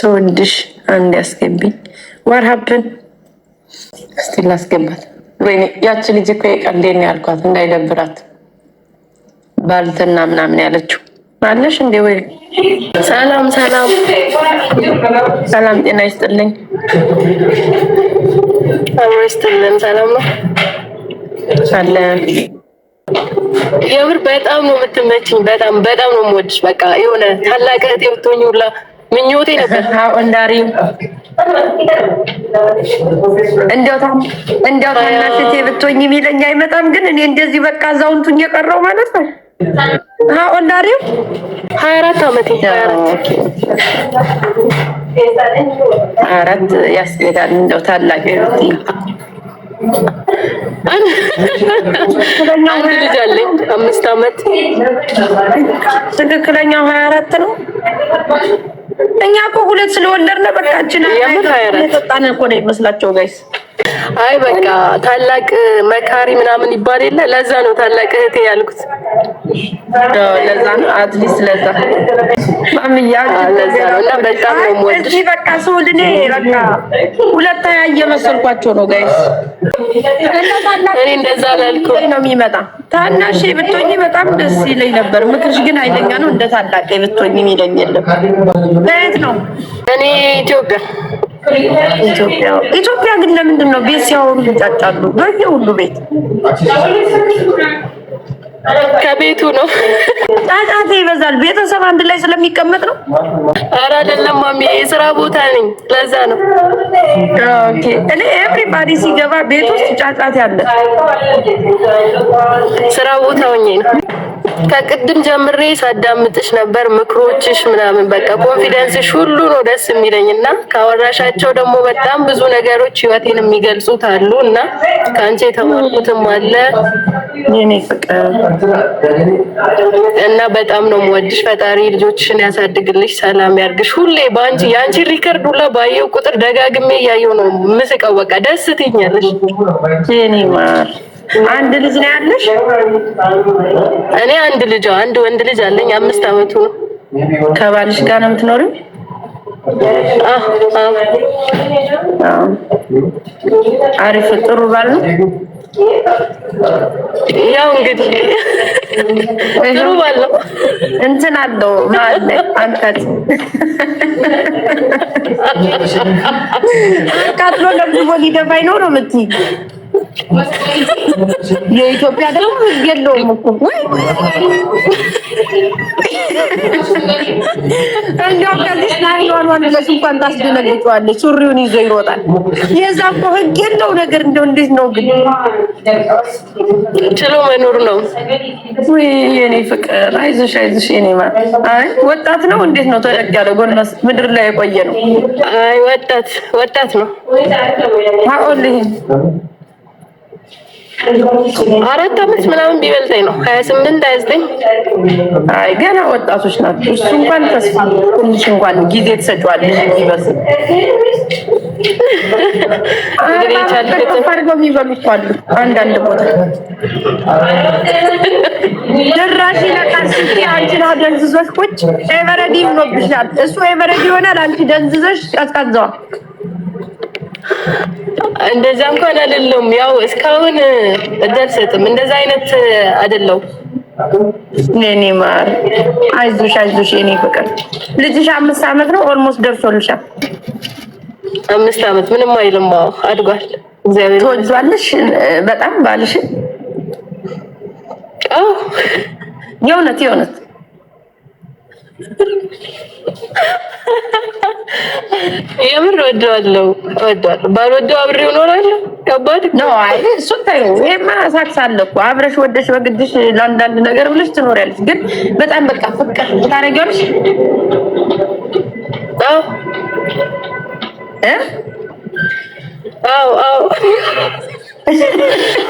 ሰወድሽ አንድ ያስገብኝ ዋርሀብን እስቲ ላስገባት። ወይ ያቺ ልጅ እኮ የቀልዴን ያልኳት እንዳይደብራት ባልትና ምናምን ያለችው አለሽ እንዴ? ወይ ሰላም ሰላም ሰላም፣ ጤና ይስጥልኝ። አብሮ ይስጥልን። ሰላም ነው አለ። የምር በጣም ነው የምትመችኝ። በጣም በጣም ነው የምወድሽ። በቃ የሆነ ታላቅ እህቴ ብትሆኝ ሁላ ምኞቴ ነበር እንዳሪ እንዲያው ታናሽቴ ብትሆኝ የሚለኝ አይመጣም። ግን እኔ እንደዚህ በቃ አዛውንቱን የቀረው ማለት ነው። እንዳሪው ሀያ አራት አመቴ ሀያ አራት ያስጌዳል እንደው ታላቅ አንድ ልጅ አለኝ አምስት ዓመት ትክክለኛው ሀያ አራት ነው። እኛ እኮ ሁለት ስለወለድን በቃ የምር ሀያ አራት የጠጣን እኮ ነው ይመስላቸው ጋይስ አይ በቃ ታላቅ መካሪ ምናምን ይባል የለ ለዛ ነው ታላቅ እህቴ ያልኩት። ለዛ ነው አትሊስት ለዛ ለዛ ነው። እና በጣም ነው ወድሽ። በቃ ሶልኔ በቃ ሁለት ያየ መሰልኳቸው ነው ጋይስ። እኔ እንደዛ ላልኩ ነው የሚመጣ ታናሽ ብትሆኚ በጣም ደስ ይለኝ ነበር። ምክርሽ ግን አይለኛ ነው። እንደ ታላቅ ብትሆኚ የሚለኝ የለም። በየት ነው? እኔ ኢትዮጵያ ኢትዮጵያ። ግን ለምንድን ነው ቤት ሲያወሩ ይጫጫሉ? በየ ሁሉ ቤት ከቤቱ ነው። ጫጫታ ይበዛል። ቤተሰብ አንድ ላይ ስለሚቀመጥ ነው። ኧረ አይደለም ማሚ፣ የስራ ቦታ ነኝ። ለዛ ነው እኔ ኤቭሪባዲ ሲገባ ቤት ውስጥ ጫጫታ ያለ ስራ ቦታ ሆኜ ነው። ከቅድም ጀምሬ ሳዳምጥሽ ነበር። ምክሮችሽ ምናምን በቃ ኮንፊደንስሽ ሁሉ ነው ደስ የሚለኝ እና ካወራሻቸው ደግሞ በጣም ብዙ ነገሮች ህይወቴን የሚገልጹት አሉ እና ከአንቺ የተማርኩትም አለ የኔ ፍቅር እና በጣም ነው የምወድሽ። ፈጣሪ ልጆችሽን ያሳድግልሽ፣ ሰላም ያርግሽ። ሁሌ በአንቺ የአንቺን ሪከርድ ሁላ ባየው ቁጥር ደጋግሜ እያየው ነው ምስቀው። በቃ ደስ ትኛለሽ የኔ ማር። አንድ ልጅ ነው ያለሽ? እኔ አንድ ልጅ አንድ ወንድ ልጅ አለኝ። አምስት አመቱ ነው። ከባልሽ ጋር ነው የምትኖሪው? አሪፍ ጥሩ ባል ነው። ያው እንግዲህ ጥሩ ባለው እንትን አለው ማለት አንቀት አንቀት ነው ደግሞ ሊደፋኝ ነው ነው የኢትዮጵያ ደግሞ ህግ የለውም እኮ እንዲያውም ከዚህ ናይሏን ብለሽ እንኳን ታስደነግጫዋለች። ሱሪውን ይዞ ይሮጣል። የዛ እኮ ህግ የለው ነገር እንደው እንዴት ነው ግን ችሎ መኖር ነው። የኔ ፍቅር አይዞሽ አይዞሽ። የኔ ማ አይ ወጣት ነው እንዴት ነው ተለቅ ያለ ጎናስ ምድር ላይ የቆየ ነው። አይ ወጣት ወጣት ነው። አሁን አራት አመት ምናምን ቢበልጠኝ ነው። ሀያ ስምንት ሀያ ዘጠኝ አይ ገና ወጣቶች ናቸው። እሱ እንኳን ተስፋ ትንሽ እንኳን ጊዜ ተሰጫዋል የሚበስል አድርገው የሚበሉት አሉ። አንዳንድ ቦታ ድራሽ ይለቃል። አንቺ ነው ደንዝዞሽ ቁጭ ኤቨረዲ ሆኖብሻል። እሱ ኤቨረዲ ይሆናል። አንቺ ደንዝዘሽ ቀዝቀዘዋል። እንደዛ እንኳን አይደለም። ያው እስካሁን እደርሰጥም እንደዛ አይነት አይደለም። የኔ ማር አይዞሽ፣ አይዞሽ የኔ ፍቅር። ልጅሽ አምስት አመት ነው። ኦልሞስት ደርሶልሻል። አምስት አመት ምንም አይልም። አድጓል። እግዚአብሔር ትወጂዋለሽ በጣም ባልሽ። አዎ የእውነት የእውነት የምር ወደዋለሁ ወደዋለሁ። ባልወደው አብሬው እኖራለሁ። ከባድ ነው። አይ እሱን ተይው። ይሄማ ሳክሳለ እኮ አብረሽ ወደሽ በግድሽ ለአንዳንድ ነገር ብለሽ ትኖሪያለሽ። ግን በጣም በቃ ፍቅር ታደርጊዋለሽ እ አዎ አዎ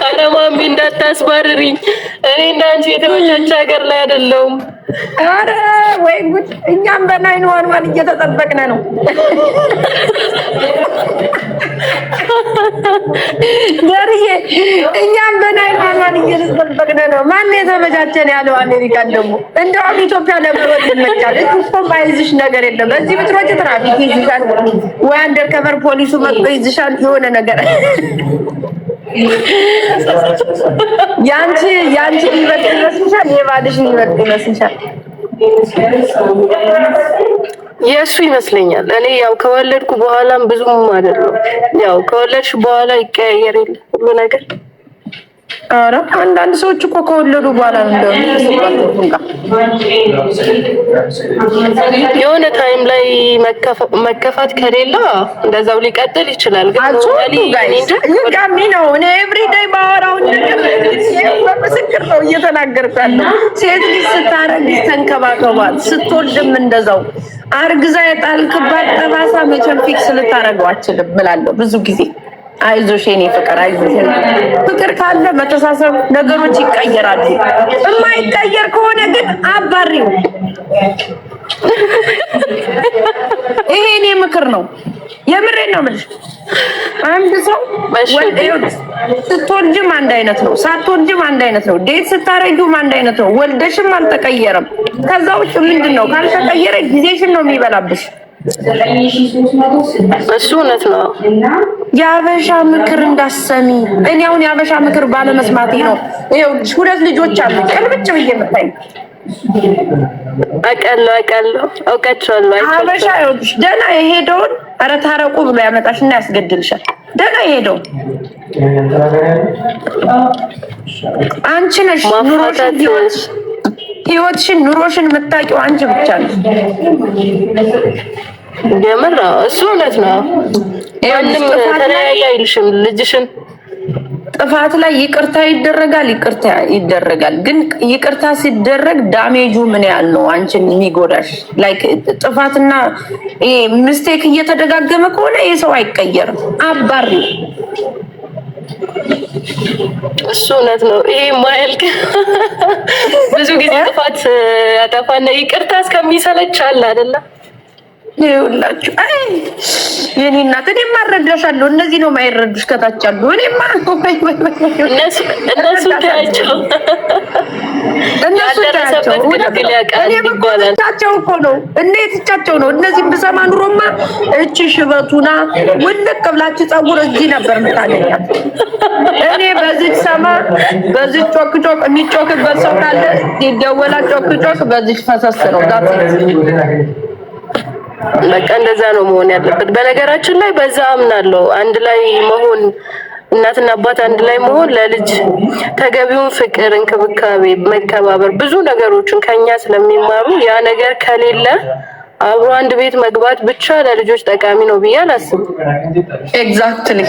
ኧረ ማሚ እንዳታስባርሪኝ። እኔ እንዳንቺ የተመቻቸ ሀገር ላይ አይደለሁም። አረ ወይ ጉድ! እኛም በናይን ዋን ዋን እየተጠበቅን ነው። ዘርዬ እኛም በናይን ዋን ዋን እየተጠበቅን ነው። ማን የተመቻቸን ያለው? አሜሪካን ደግሞ እንደውም ኢትዮጵያ ለመሮጥ ይመቻል። እሱም አይዝሽ ነገር የለም። በዚህ ብትሮጭ ትራፊክ ይዝሻል ወይ አንደር ከቨር ፖሊሱ መጥቶ ይዝሻል። የሆነ ነገር ያንቺ ያንቺ ይበቅ ይመስልሻል? የባልሽን ይበቅ ይመስልሻል? የእሱ ይመስለኛል። እኔ ያው ከወለድኩ በኋላም ብዙም አይደለም። ያው ከወለድሽ በኋላ ይቀያየር የለ ሁሉ ነገር ኧረ አንዳንድ ሰዎች እኮ ከወለዱ በኋላ ነው የሆነ ታይም ላይ መከፋት ከሌላ እንደዛው ሊቀጥል ይችላል። ግን ነው እኔ ኤቭሪዴይ ባወራው ምስክር ነው እየተናገርኩ ያለው ሴት ልጅ ስታረግ ተንከባከባት፣ ስትወልድም እንደዛው አርግዛ የጣልክባት ጠባሳ መቼም ፊክስ ልታረገው አችልም ብላለሁ ብዙ ጊዜ አይዞሽ የኔ ፍቅር፣ አይዞሽ ፍቅር ካለ መተሳሰብ ነገሮች ይቀየራሉ። የማይቀየር ከሆነ ግን አባሪው ይሄ እኔ ምክር ነው። የምሬ ነው የምልሽ። አንድ ሰው ስትወልጅም አንድ አይነት ነው፣ ሳትወልጅም አንድ አይነት ነው፣ ዴት ስታረጊውም አንድ አይነት ነው። ወልደሽም አልተቀየረም። ከዛ ውጭ ምንድን ነው ካልተቀየረ ጊዜሽን ነው የሚበላብሽ። እሱ እውነት ነው። የአበሻ ምክር እንዳሰሚ እኔ አሁን የአበሻ ምክር ባለመስማቴ ነው። ይኸውልሽ ሁለት ልጆች አሉ። ቅልብጭ ብዬ የምታይ አውቃለሁ፣ አውቃለሁ፣ አውቃቸዋለሁ። አበሻ ይኸውልሽ ደህና የሄደውን ኧረ ታረቁ ብሎ ያመጣሽ እና ያስገድልሻል። ደህና የሄደውን አንቺ ነሽ ኑሮሽ ህይወትሽን ኑሮሽን የምታውቂው አንቺ ብቻ ነው። የምር ነው እሱ እውነት ነው። ማንም ተለያየ አይልሽም ልጅሽን ጥፋት ላይ ይቅርታ ይደረጋል፣ ይቅርታ ይደረጋል። ግን ይቅርታ ሲደረግ ዳሜጁ ምን ያህል ነው አንቺን የሚጎዳሽ? ላይክ ጥፋትና ምስቴክ እየተደጋገመ ከሆነ የሰው አይቀየርም? አይቀየርም። አባሪ እሱ እውነት ነው። ይሄ ማያልቅ ብዙ ጊዜ ጥፋት ያጠፋና ይቅርታ እስከሚሰለች አለ አይደለም ይኸውላችሁ የኔ እናት እኔ ማረዳሻለሁ። እነዚህ ነው ማይረዱሽ ከታች አሉ። እኔ እነሱ ታያቸው እነሱቸውቸው እኮ ነው እነ የትቻቸው ነው። እነዚህም ብሰማ ኑሮማ እች ሽበቱና ውልቅ ብላችሁ ፀጉር እዚህ ነበር ምታገኛት። እኔ በዚች ሰማ በዚች ጮክ ጮክ የሚጮክበት ሰው ካለ ይደወላል። ጮክ ጮክ በዚች ፈሰስ ነው ዛ በቃ እንደዛ ነው መሆን ያለበት። በነገራችን ላይ በዛ አምናለሁ። አንድ ላይ መሆን እናትና አባት አንድ ላይ መሆን ለልጅ ተገቢውን ፍቅር፣ እንክብካቤ፣ መከባበር ብዙ ነገሮችን ከኛ ስለሚማሩ ያ ነገር ከሌለ አብሮ አንድ ቤት መግባት ብቻ ለልጆች ጠቃሚ ነው ብዬ አላስብም። ኤግዛክትሊ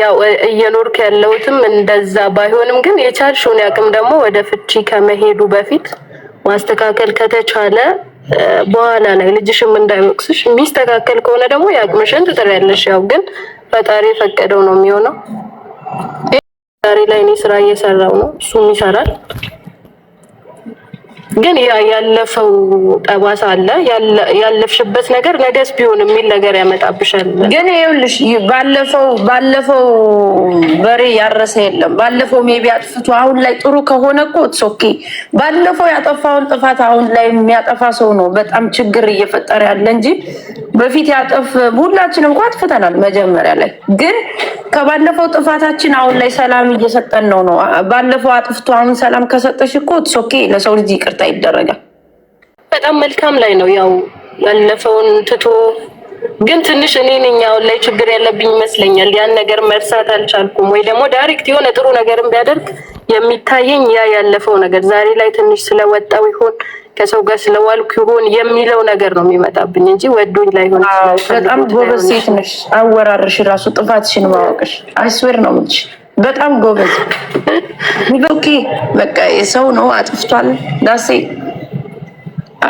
ያው እየኖርክ ያለሁትም እንደዛ ባይሆንም ግን የቻልሽውን ያቅም ደግሞ ወደ ፍቺ ከመሄዱ በፊት ማስተካከል ከተቻለ በኋላ ላይ ልጅሽም እንዳይወቅስሽ የሚስተካከል ከሆነ ደግሞ የአቅምሽን ትጥሪያለሽ። ያው ግን ፈጣሪ የፈቀደው ነው የሚሆነው። ዛሬ ላይ እኔ ስራ እየሰራው ነው፣ እሱም ይሰራል። ግን ያ ያለፈው ጠባሳ አለ። ያለፍሽበት ነገር ነገስ ቢሆን የሚል ነገር ያመጣብሻል። ግን ይኸውልሽ ባለፈው ባለፈው በሬ ያረሰ የለም። ባለፈው ሜቢ አጥፍቶ አሁን ላይ ጥሩ ከሆነ እኮ ኦኬ። ባለፈው ያጠፋውን ጥፋት አሁን ላይ የሚያጠፋ ሰው ነው በጣም ችግር እየፈጠረ ያለ እንጂ በፊት ያጠፍ ሁላችንም እንኳ አጥፍተናል። መጀመሪያ ላይ ግን ከባለፈው ጥፋታችን አሁን ላይ ሰላም እየሰጠን ነው ነው ባለፈው አጥፍቶ አሁን ሰላም ከሰጠሽ እኮ ሶኬ ለሰው ልጅ ይቅርታ ይደረጋል። በጣም መልካም ላይ ነው ያው ያለፈውን ትቶ ግን ትንሽ እኔ ነኝ አሁን ላይ ችግር ያለብኝ ይመስለኛል። ያን ነገር መርሳት አልቻልኩም፣ ወይ ደግሞ ዳይሬክት የሆነ ጥሩ ነገርም ቢያደርግ የሚታየኝ ያ ያለፈው ነገር ዛሬ ላይ ትንሽ ስለወጣው ይሆን ከሰው ጋር ስለዋልኩ ይሆን የሚለው ነገር ነው የሚመጣብኝ እንጂ ወዶኝ ላይሆን ይችላል። በጣም ጎበዝ ሴት ነሽ። አወራርሽ ራሱ ጥፋትሽን ማወቅሽ አይስዌር ነው ምንሽ በጣም ጎበዝ ሚሎኬ በቃ የሰው ነው አጥፍቷል። ዳሴ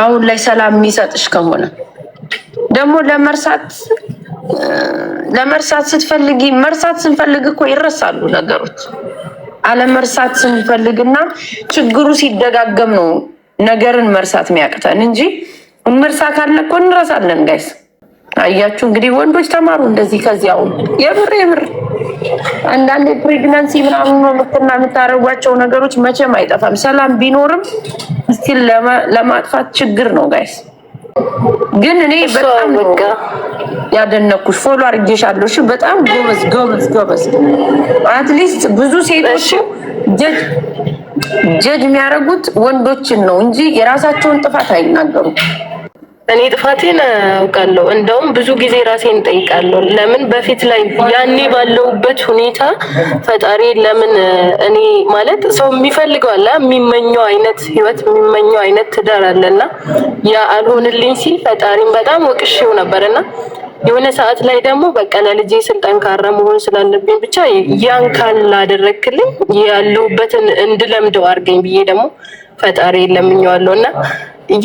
አሁን ላይ ሰላም የሚሰጥሽ ከሆነ ደግሞ ለመርሳት ለመርሳት ስትፈልጊ መርሳት ስንፈልግ እኮ ይረሳሉ ነገሮች። አለመርሳት ስንፈልግና ችግሩ ሲደጋገም ነው ነገርን መርሳት የሚያቅተን እንጂ ምርሳ ካለ እኮ እንረሳለን። ጋይስ አያችሁ እንግዲህ ወንዶች ተማሩ እንደዚህ ከዚያው የብር የብር አንዳንድ ፕሬግናንሲ ምናምን ምትና የምታደርጓቸው ነገሮች መቼም አይጠፋም። ሰላም ቢኖርም ስቲል ለማጥፋት ችግር ነው ጋይስ። ግን እኔ በጣም ያደነኩሽ ፎሎ አድርጌሻለሁ። በጣም ጎበዝ ጎበዝ ጎበዝ። አትሊስት ብዙ ሴቶች ጀጅ የሚያደርጉት ወንዶችን ነው እንጂ የራሳቸውን ጥፋት አይናገሩም። እኔ ጥፋቴን አውቃለሁ። እንደውም ብዙ ጊዜ ራሴን ጠይቃለሁ። ለምን በፊት ላይ ያኔ ባለውበት ሁኔታ ፈጣሪ ለምን እኔ ማለት ሰው የሚፈልገው አለ የሚመኘው አይነት ህይወት የሚመኘው አይነት ትዳር አለና ያ አልሆንልኝ ሲል ፈጣሪን በጣም ወቅሼው ነበርና የሆነ ሰዓት ላይ ደግሞ በቃ ለልጄ ስል ጠንካራ መሆን ስላለብኝ ብቻ ያን ካላደረክልኝ ያለሁበትን እንድለምደው አድርገኝ ብዬ ደግሞ ፈጣሪ ለምኘዋለሁ እና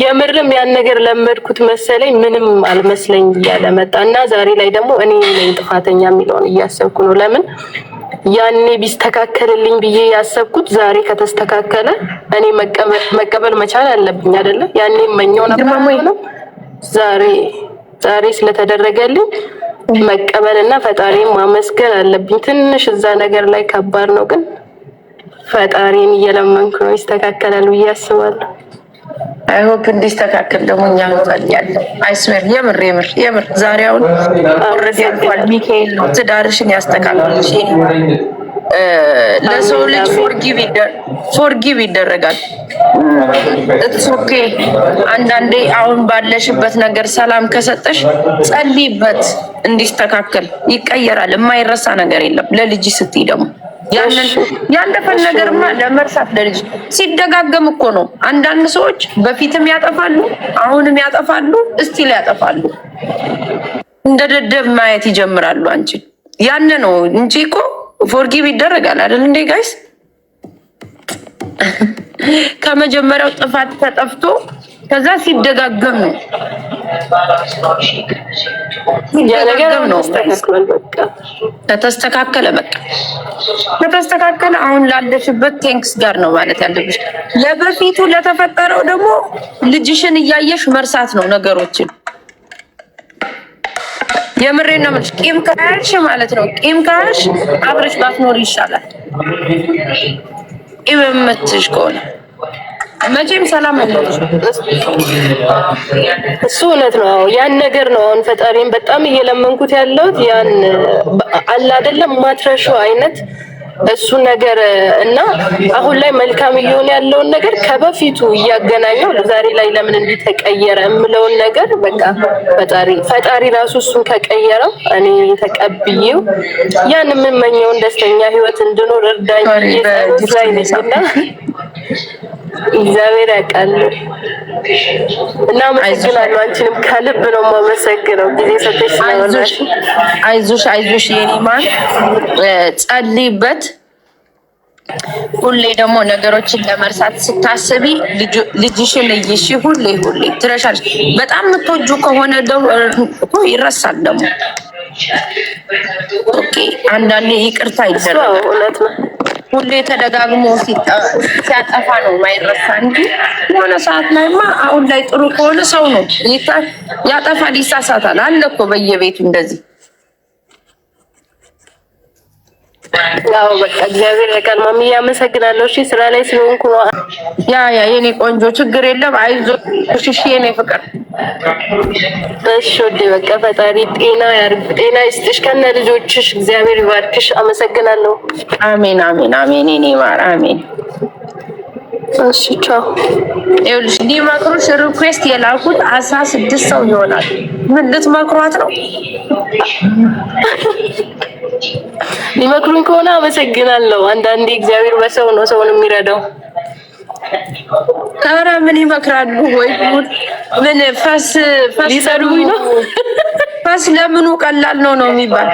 የምርም ያን ነገር ለመድኩት መሰለኝ። ምንም አልመስለኝ እያለ መጣ እና ዛሬ ላይ ደግሞ እኔ ነኝ ጥፋተኛ የሚለውን እያሰብኩ ነው። ለምን ያኔ ቢስተካከልልኝ ብዬ ያሰብኩት ዛሬ ከተስተካከለ እኔ መቀበል መቻል አለብኝ አይደለም። ያኔ መኘው ነበር ዛሬ ዛሬ ስለተደረገልኝ መቀበልና ፈጣሪን ማመስገን አለብኝ። ትንሽ እዛ ነገር ላይ ከባድ ነው፣ ግን ፈጣሪን እየለመንኩ ነው። ይስተካከላል ብዬ አስባለሁ። አይሆፕ እንዲስተካከል ደግሞ እኛ ያለው አይስሜር የምር የምር የምር ዛሬ ዛሬውን ሚካኤል ነው ትዳርሽን ያስተካክል ለሰው ልጅ ፎርጊቭ ይደረጋል። ኦኬ አንዳንዴ አሁን ባለሽበት ነገር ሰላም ከሰጠሽ ጸልይበት፣ እንዲስተካከል ይቀየራል። የማይረሳ ነገር የለም። ለልጅ ስትይ ደግሞ ያለፈን ነገርማ ለመርሳት ለልጅ ሲደጋገም እኮ ነው። አንዳንድ ሰዎች በፊትም ያጠፋሉ፣ አሁንም ያጠፋሉ፣ እስቲል ያጠፋሉ። እንደ ደደብ ማየት ይጀምራሉ አንቺን። ያን ነው እንጂ እኮ ፎርጊቭ ይደረጋል አይደል እንዴ ጋይስ? ከመጀመሪያው ጥፋት ተጠፍቶ ከዛ ሲደጋገም ነው ሲደጋገም ነው ከተስተካከለ በቃ ከተስተካከለ አሁን ላለሽበት ቴንክስ ጋር ነው ማለት ያለብሽ። ለበፊቱ ለተፈጠረው ደግሞ ልጅሽን እያየሽ መርሳት ነው ነገሮችን የምሬ ነው የምልሽ። ቂም ካልሽ ማለት ነው ቂም ካልሽ አብረሽ ባትኖር ይሻላል። ቂም የምትሽ ከሆነ መቼም ሰላም አይደለም። እሱ እውነት ነው። ያን ነገር ነው አሁን ፈጣሪን በጣም እየለመንኩት ያለሁት ያን አለ አይደለም ማትረሹ አይነት እሱ ነገር እና አሁን ላይ መልካም እየሆነ ያለውን ነገር ከበፊቱ እያገናኘው ዛሬ ላይ ለምን እንዲተቀየረ የምለውን ነገር በቃ ፈጣሪ ፈጣሪ ራሱ እሱን ከቀየረው እኔ ተቀብዬው ያን የምመኘውን ደስተኛ ህይወት እንድኖር እርዳኝ። እግዚአብሔር ያውቃል እና አመሰግናለሁ። አንቺንም ከልብ ነው የማመሰግነው ጊዜ ሰጥተሽ ስለሆነሽ። አይዞሽ አይዞሽ የኔ ማር ጸልይበት። ሁሌ ደግሞ ነገሮችን ለመርሳት ስታስቢ ልጅሽን እይሽ። ሁሌ ሁሌ ትረሻል። በጣም የምትወጁ ከሆነ ደግሞ ይረሳል ደግሞ አንዳንዴ ይቅርታ ይደረጋል። ሁሌ ተደጋግሞ ሲያጠፋ ነው ማይረሳ እንጂ የሆነ ሰዓት ላይማ አሁን ላይ ጥሩ ከሆነ ሰው ነው ያጠፋል፣ ይሳሳታል አለ እኮ በየቤቱ እንደዚህ ያው በቃ እግዚአብሔር ያውቃል። ማሚዬ አመሰግናለሁ። እሺ ስራ ላይ ስለሆንኩ ነው። ያ ያ የኔ ቆንጆ ችግር የለም። አይዞሽ። እሺ የኔ ፍቅር። እሺ ወዴ በቃ ፈጣሪ ጤና ያርግ፣ ጤና ይስጥሽ ከነ ልጆችሽ። እግዚአብሔር ይባርክሽ። አመሰግናለሁ። አሜን፣ አሜን፣ አሜን። የኔ ማር አሜን። እሺ ቻው። ይኸውልሽ ሊመክሩሽ ሪኩዌስት የላኩት አስራ ስድስት ሰው ይሆናል። ምን ልትመክሯት ነው? ሊመክሩኝ ከሆነ አመሰግናለሁ። አንዳንዴ እግዚአብሔር በሰው ነው ሰውን የሚረዳው። ኧረ ምን ይመክራሉ ወይ ምን ፈስ ፈስ ነው ቢባስ ለምኑ ቀላል ነው ነው የሚባል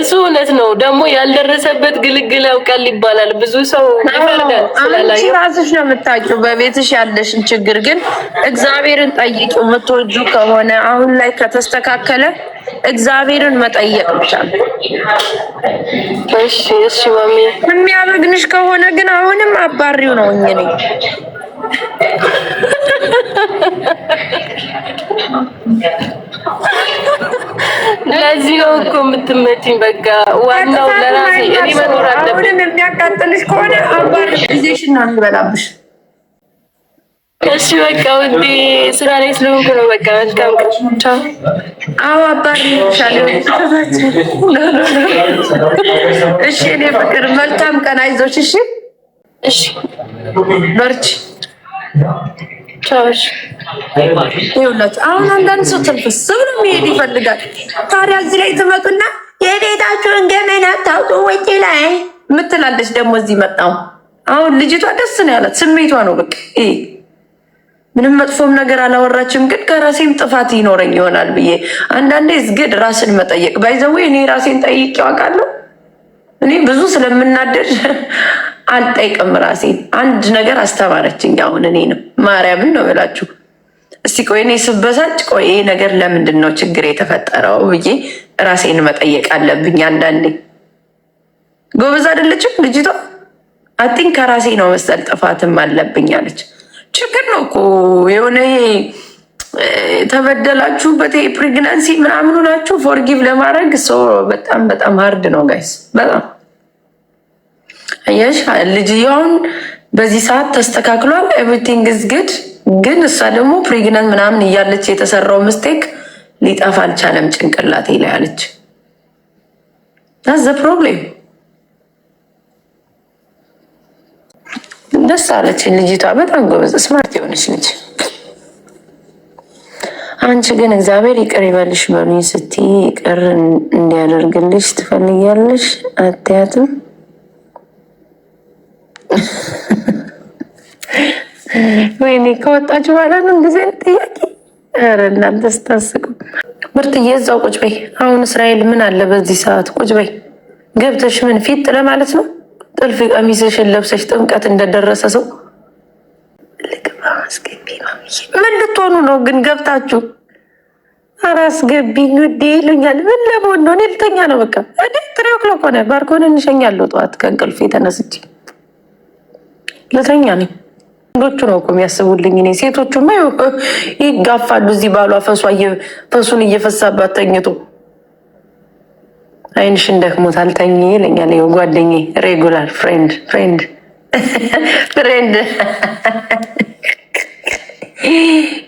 እሱ እውነት ነው። ደግሞ ያልደረሰበት ግልግል ያውቃል ይባላል። ብዙ ሰው አንቺ ራስሽ ነው የምታውቂው በቤትሽ ያለሽን ችግር። ግን እግዚአብሔርን ጠይቂው የምትወጁ ከሆነ አሁን ላይ ከተስተካከለ እግዚአብሔርን መጠየቅ ብቻ ነው። እሺ እሺ፣ ማሚ የሚያበግንሽ ከሆነ ግን አሁንም አባሪው ነው እኔ ለዚህ ነው እኮ የምትመጪኝ። በቃ ዋናው ለራሴ እኔ መኖር አለብኝ። የሚያቃጥልሽ ከሆነ አባር ጊዜሽን ነው የሚበላብሽ። እሺ በቃ ውዴ፣ ስራ ላይ ስለሆንኩ ነው። በቃ መልካም ቀን። አዎ አባር ይሻለው። እሺ እኔ ፍቅር፣ መልካም ቀን። አይዞሽ። እሺ እሺ፣ በርቺ ይኸውላችሁ አሁን አንዳንድ ሰው ትንፍስ ብሎ መሄድ ይፈልጋል። ታዲያ እዚህ ላይ ትመጡና የቤታችሁን ገመና ታውጡ ውጭ ላይ ምትላለች። ደግሞ እዚህ መጣው አሁን ልጅቷ ደስ ነው ያላት ስሜቷ ነው። በቃ ምንም መጥፎም ነገር አላወራችም፣ ግን ከራሴም ጥፋት ይኖረኝ ይሆናል ብዬ አንዳንዴ ዝግድ ራስን መጠየቅ ባይዘዌ እኔ ራሴን ጠይቄ አውቃለሁ። እኔ ብዙ ስለምናደድ አልጠይቅም ራሴን። አንድ ነገር አስተማረችኝ። አሁን እኔ ነው ማርያምን ነው ብላችሁ እስቲ ቆይ እኔ ስበሳጭ ቆይ ይሄ ነገር ለምንድን ነው ችግር የተፈጠረው ብዬ ራሴን መጠየቅ አለብኝ። አንዳንዴ ጎበዝ አይደለችም ልጅቷ። አቲን ከራሴ ነው መሰል ጥፋትም አለብኝ አለች። ችግር ነው እኮ የሆነ ተበደላችሁበት ፕሬግናንሲ ምናምኑ ናችሁ ፎርጊቭ ለማድረግ ሰው በጣም በጣም ሀርድ ነው ጋይስ በጣም አየሽ ልጅየውን በዚህ ሰዓት ተስተካክሏል። ኤቭሪቲንግ እዝ ግድ ግን እሷ ደግሞ ፕሬግነንት ምናምን እያለች የተሰራው ምስቴክ ሊጠፋ አልቻለም ጭንቅላቴ ላይ አለች። ዘ ፕሮብሌም ደስ አለች ልጅቷ። በጣም ጎበዝ ስማርት የሆነች ልጅ። አንቺ ግን እግዚአብሔር ይቅር ይበልሽ በሉኝ ስትይ ይቅር እንዲያደርግልሽ ትፈልጊያለሽ አትያትም ወይኔ ከወጣችሁ በኋላ ነው እንደዚህ አይነት ጥያቄ። ኧረ እናንተ ስታስቁ። ምርትዬ እዛው ቁጭ በይ። አሁን እስራኤል ምን አለ በዚህ ሰዓት ቁጭ በይ። ገብተሽ ምን ፊት ለማለት ነው? ጥልፍ ቀሚስሽን ለብሰሽ ጥምቀት እንደደረሰ ሰው ምን ልትሆኑ ነው ግን ገብታችሁ? ኧረ አስገቢኝ ውዴ ይሉኛል። ምን ለመሆን ነው? እኔ ልተኛ ነው በቃ። ትሪ ኦክሎክ ሆነ። ባርኮን እንሸኛለሁ ጠዋት ከእንቅልፍ የተነስች ልተኛ ነኝ። ወንዶቹ ነው እኮ የሚያስቡልኝ። እኔ ሴቶቹማ ይጋፋሉ። እዚህ ባሏ ፈሱን እየፈሳባት ተኝቶ አይንሽን ደክሞታል አልተኝ ይለኛል። ይኸው ጓደኛዬ ሬጉላር ፍሬንድ ፍሬንድ ፍሬንድ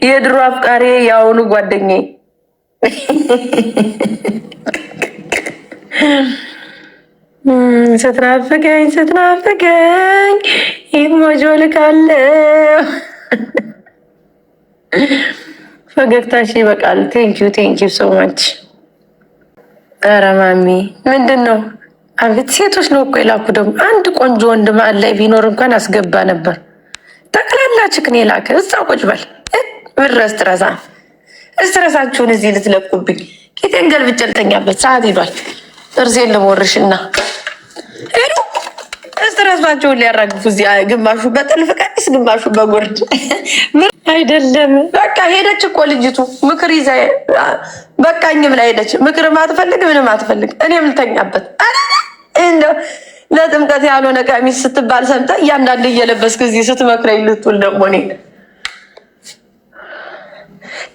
የድሮ አፍቃሪ የአሁኑ ጓደኛዬ ስትናፍቀኝ ስትናፍቀኝ ሞጆ ልካለው። ፈገግታሽ ይበቃል። ቴንኪዩ ቴንኪዩ ሶ ማች። ኧረ ማሚ ምንድን ነው? አቤት ሴቶች ነው እኮ የላኩ። ደግሞ አንድ ቆንጆ ወንድ ማዕድ ላይ ቢኖር እንኳን አስገባ ነበር። ጠቅላላ ችክን የላከ እዛ ቁጭ በል ብረ ስትረሳ እስትረሳችሁን እዚህ ልትለቁብኝ ጌጤን ገልብጬ ልተኛበት ሰዓት ሂዷል። ጥርሴን ልቦርሽና ሄዱ እስትረሳቸውን ሊያራግፉ እዚህ ግማሹ በጥልፍ ቀሚስ ግማሹ በጉርድ አይደለም። በቃ ሄደች እኮ ልጅቱ ምክር ይዛ በቃኝ ብላ ሄደች። ምክር ማትፈልግ ምንም አትፈልግ። እኔ የምንተኛበት እንደው ለጥምቀት ያልሆነ ቀሚስ ስትባል ሰምተ እያንዳንድ እየለበስክ እዚህ ስትመክረኝ ልትውል ደግሞ እኔ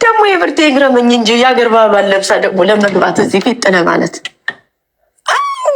ደግሞ የብርቴ ግረመኝ እንጂ የአገር ባህል ለብሳ ደግሞ ለመግባት እዚህ ፊጥነ ማለት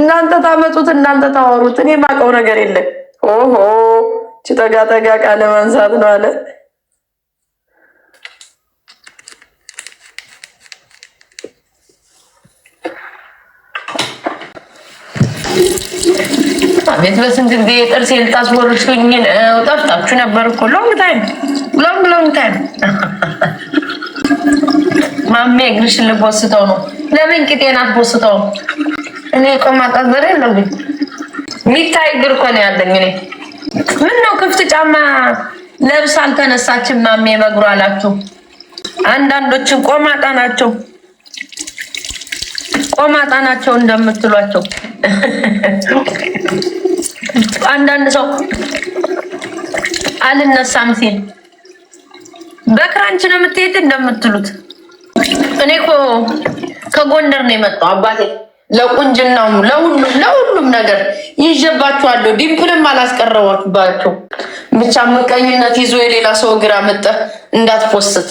እናንተ ታመጡት፣ እናንተ ታወሩት። እኔ የማውቀው ነገር የለም። ኦሆ ችጠጋ ጠጋ ቃለ ማንሳት ነው አለ። ቤት በስንት ጊዜ ጥርስ የልጣስ ወርሱኝ ጠፍጣችሁ ነበር እኮ ሎንግ ታይም ሎንግ ሎንግ ታይም ማሜ እግርሽን ልቦስተው ነው። ለምን ቂጤን አትቦስተውም? እኔ እኮ ማቀዘር የለም ሚታይ እግር እኮ ነው ያለኝ። እኔ ምን ነው ክፍት ጫማ ለብሳ አልተነሳችም ማሜ በእግሯ አላችሁ። አንዳንዶችን ቆማጣ ናቸው ቆማጣ ናቸው እንደምትሏቸው አንዳንድ ሰው አልነሳም ሲል በክራንች ነው የምትሄድ እንደምትሉት። እኔ እኮ ከጎንደር ነው የመጣው አባቴ ለቁንጅናው ለሁሉም ለሁሉም ነገር ይዤባችኋለሁ። ዲምፕልም አላስቀረባችሁ። ብቻ ምቀኝነት ይዞ የሌላ ሰው እግር አመጠ እንዳትፖስት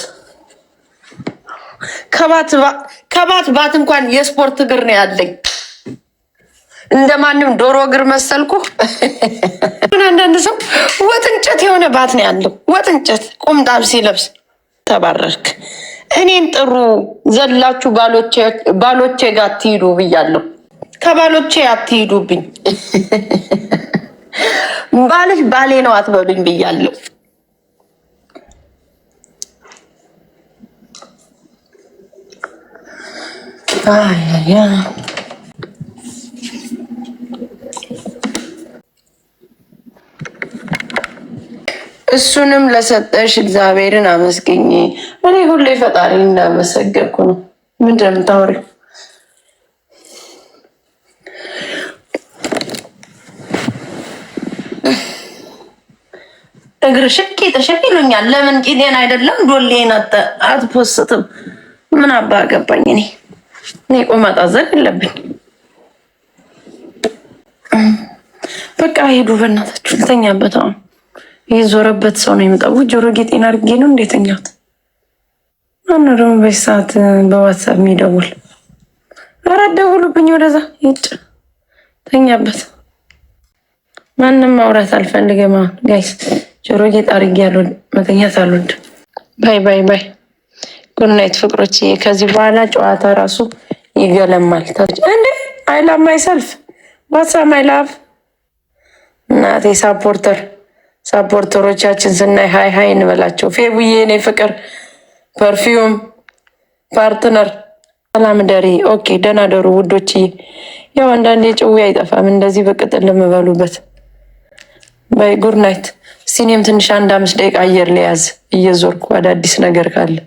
ከባት ባት እንኳን የስፖርት እግር ነው ያለኝ። እንደማንም ዶሮ እግር መሰልኩ። አንዳንድ ሰው ወጥ እንጨት የሆነ ባት ነው ያለው። ወጥ እንጨት ቁምጣም ሲለብስ ተባረርክ። እኔን ጥሩ ዘላችሁ ባሎቼ ጋር አትሂዱ ብያለሁ። ከባሎቼ አትሂዱብኝ፣ ባልሽ ባሌ ነው አትበሉኝ ብያለሁ። አይ እሱንም ለሰጠሽ እግዚአብሔርን አመስግኝ። እኔ ሁሌ ፈጣሪ እንዳመሰገንኩ ነው። ምንድን ነው የምታወሪው? እግር ሽቂ ተሸቂ ይሉኛል። ለምን ቂጤን አይደለም ዶሌን አትፖስትም? ምን አባ ገባኝ። እኔ እኔ ቆመጣ ዘግ የለብኝ። በቃ ሄዱ። በእናታችሁ ልተኛበት አሁን የዞረበት ሰው ነው የሚጠቡ ጆሮ ጌጤን አድርጌ ነው እንዴተኛት አነ ደግሞ በዚህ ሰዓት በዋትሳፕ የሚደውል አራት ደውሉብኝ፣ ወደዛ ይጭ ተኛበት። ማንም ማውራት አልፈልግም። ጋይስ ጆሮ ጌጥ አድርጌ ያሉ መተኛት አሉድ። ባይ ባይ ባይ፣ ጉናይት ፍቅሮች። ከዚህ በኋላ ጨዋታ ራሱ ይገለማል። እንደ አይላ ማይሰልፍ ዋትሳፕ አይላቭ እናቴ ሳፖርተር ሳፖርተሮቻችን ስናይ ሀይ ሀይ እንበላቸው። ፌቡዬ እኔ ፍቅር ፐርፊውም ፓርትነር ሰላም ደሪ ኦኬ፣ ደህና ደሩ ውዶች። ያው አንዳንዴ ጭዌ አይጠፋም እንደዚህ በቅጥል ልምበሉበት። በይ ጉድ ናይት። እስኪ እኔም ትንሽ አንድ አምስት ደቂቃ አየር ሊያዝ እየዞርኩ አዳዲስ ነገር ካለ